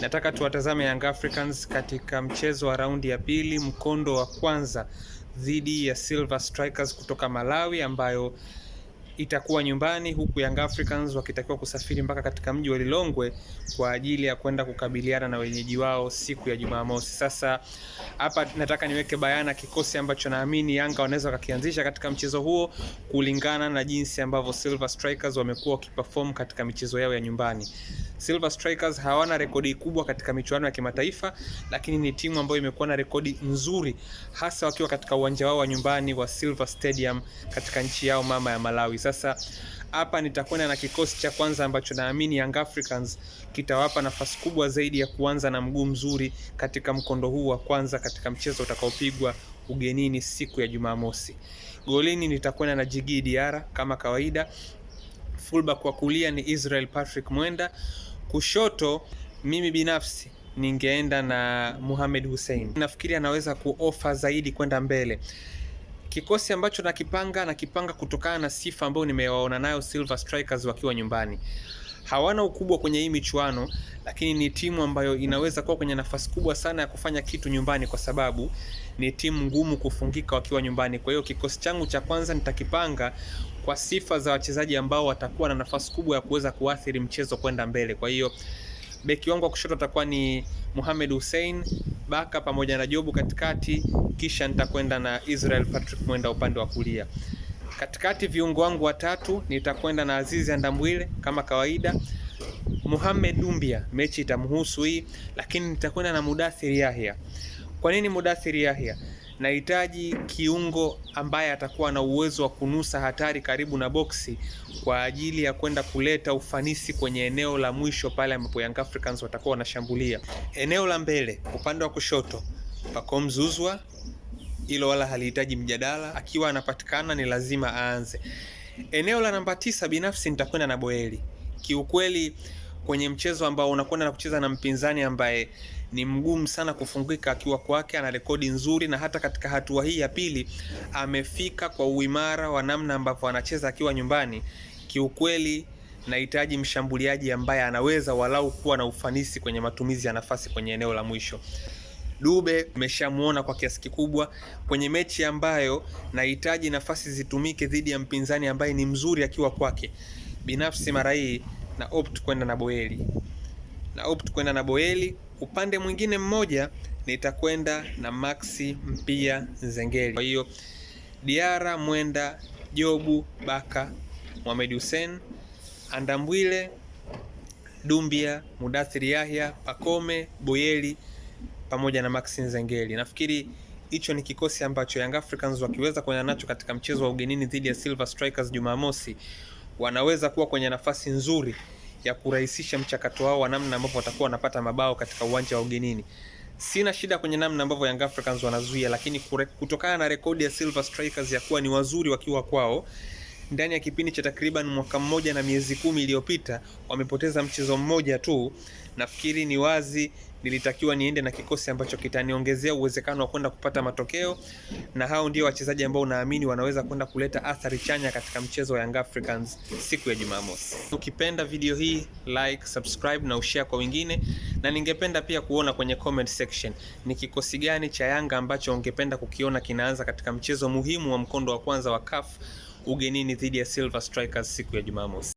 Nataka tuwatazame Young Africans katika mchezo wa raundi ya pili mkondo wa kwanza dhidi ya Silver Strikers kutoka Malawi ambayo itakuwa nyumbani huku Young Africans wakitakiwa kusafiri mpaka katika mji wa Lilongwe kwa ajili ya kwenda kukabiliana na wenyeji wao siku ya Jumamosi. Sasa hapa nataka niweke bayana kikosi ambacho naamini Yanga wanaweza wakakianzisha katika mchezo huo kulingana na jinsi ambavyo Silver Strikers wamekuwa wakiperform katika michezo yao ya nyumbani. Silver Strikers hawana rekodi kubwa katika michuano ya kimataifa, lakini ni timu ambayo imekuwa na rekodi nzuri hasa wakiwa katika uwanja wao wa nyumbani wa Silver Stadium katika nchi yao mama ya Malawi. Sasa hapa nitakwenda na kikosi cha kwanza ambacho naamini Young Africans kitawapa nafasi kubwa zaidi ya kuanza na mguu mzuri katika mkondo huu wa kwanza katika mchezo utakaopigwa ugenini siku ya Jumamosi. Golini nitakwenda na Jigi Diara kama kawaida. Fullback wa kulia ni Israel Patrick Mwenda. Kushoto mimi binafsi ningeenda na Mohamed Hussein, nafikiri anaweza kuofa zaidi kwenda mbele. Kikosi ambacho nakipanga nakipanga kutokana na sifa ambayo nimewaona nayo Silver Strikers wakiwa nyumbani. Hawana ukubwa kwenye hii michuano, lakini ni timu ambayo inaweza kuwa kwenye nafasi kubwa sana ya kufanya kitu nyumbani, kwa sababu ni timu ngumu kufungika wakiwa nyumbani. Kwa hiyo kikosi changu cha kwanza nitakipanga kwa sifa za wachezaji ambao watakuwa na nafasi kubwa ya kuweza kuathiri mchezo kwenda mbele. Kwa hiyo beki wangu wa kushoto atakuwa ni Mohamed Hussein Baka pamoja na Jobu katikati, kisha nitakwenda na Israel Patrick Mwenda upande wa kulia. Katikati viungo wangu watatu nitakwenda na Azizi Andambwile kama kawaida. Mohamed Dumbia mechi itamhusu hii, lakini nitakwenda na Mudathir Yahya. Kwa nini Mudathir Yahya? nahitaji kiungo ambaye atakuwa na uwezo wa kunusa hatari karibu na boksi kwa ajili ya kwenda kuleta ufanisi kwenye eneo la mwisho pale ambapo Young Africans watakuwa wanashambulia. Eneo la mbele upande wa kushoto, Pacome Zouzoua, hilo wala halihitaji mjadala, akiwa anapatikana ni lazima aanze. Eneo la namba tisa, binafsi nitakwenda na Boeli. Kiukweli kwenye mchezo ambao unakwenda na kucheza na mpinzani ambaye ni mgumu sana kufungika akiwa kwake, ana rekodi nzuri, na hata katika hatua hii ya pili amefika kwa uimara wa namna ambavyo anacheza akiwa nyumbani. Kiukweli nahitaji mshambuliaji ambaye anaweza walau kuwa na ufanisi kwenye matumizi ya nafasi kwenye eneo la mwisho. Dube meshamuona kwa kiasi kikubwa kwenye mechi ambayo nahitaji nafasi zitumike dhidi ya mpinzani ambaye ni mzuri akiwa kwake. Binafsi mara hii na opt kwenda na Boeli, na opt kwenda na Boeli upande mwingine mmoja nitakwenda na Maxi Mpia Nzengeli. Kwa hiyo Diara Mwenda, Jobu Baka, Mohamed Hussein, Andambwile, Dumbia, Mudathiri Yahya, Pakome, Boyeli pamoja na Maxi Nzengeli. Nafikiri hicho ni kikosi ambacho Young Africans wakiweza kwenda nacho katika mchezo wa ugenini dhidi ya Silver Strikers Jumamosi, wanaweza kuwa kwenye nafasi nzuri ya kurahisisha mchakato wao wa namna ambavyo watakuwa wanapata mabao katika uwanja wa ugenini. Sina shida kwenye namna ambavyo Young Africans wanazuia, lakini kutokana na rekodi ya Silver Strikers ya kuwa ni wazuri wakiwa kwao ndani ya kipindi cha takriban mwaka mmoja na miezi kumi iliyopita wamepoteza mchezo mmoja tu. Nafikiri ni wazi nilitakiwa niende na kikosi ambacho kitaniongezea uwezekano wa kwenda kupata matokeo, na hao ndio wachezaji ambao naamini wanaweza kwenda kuleta athari chanya katika mchezo wa Young Africans siku ya Jumamosi. Ukipenda video hii like, subscribe na ushare kwa wengine, na ningependa pia kuona kwenye comment section ni kikosi gani cha Yanga ambacho ungependa kukiona kinaanza katika mchezo muhimu wa mkondo wa kwanza wa CAF ugenini dhidi ya Silver Strikers siku ya Jumamosi.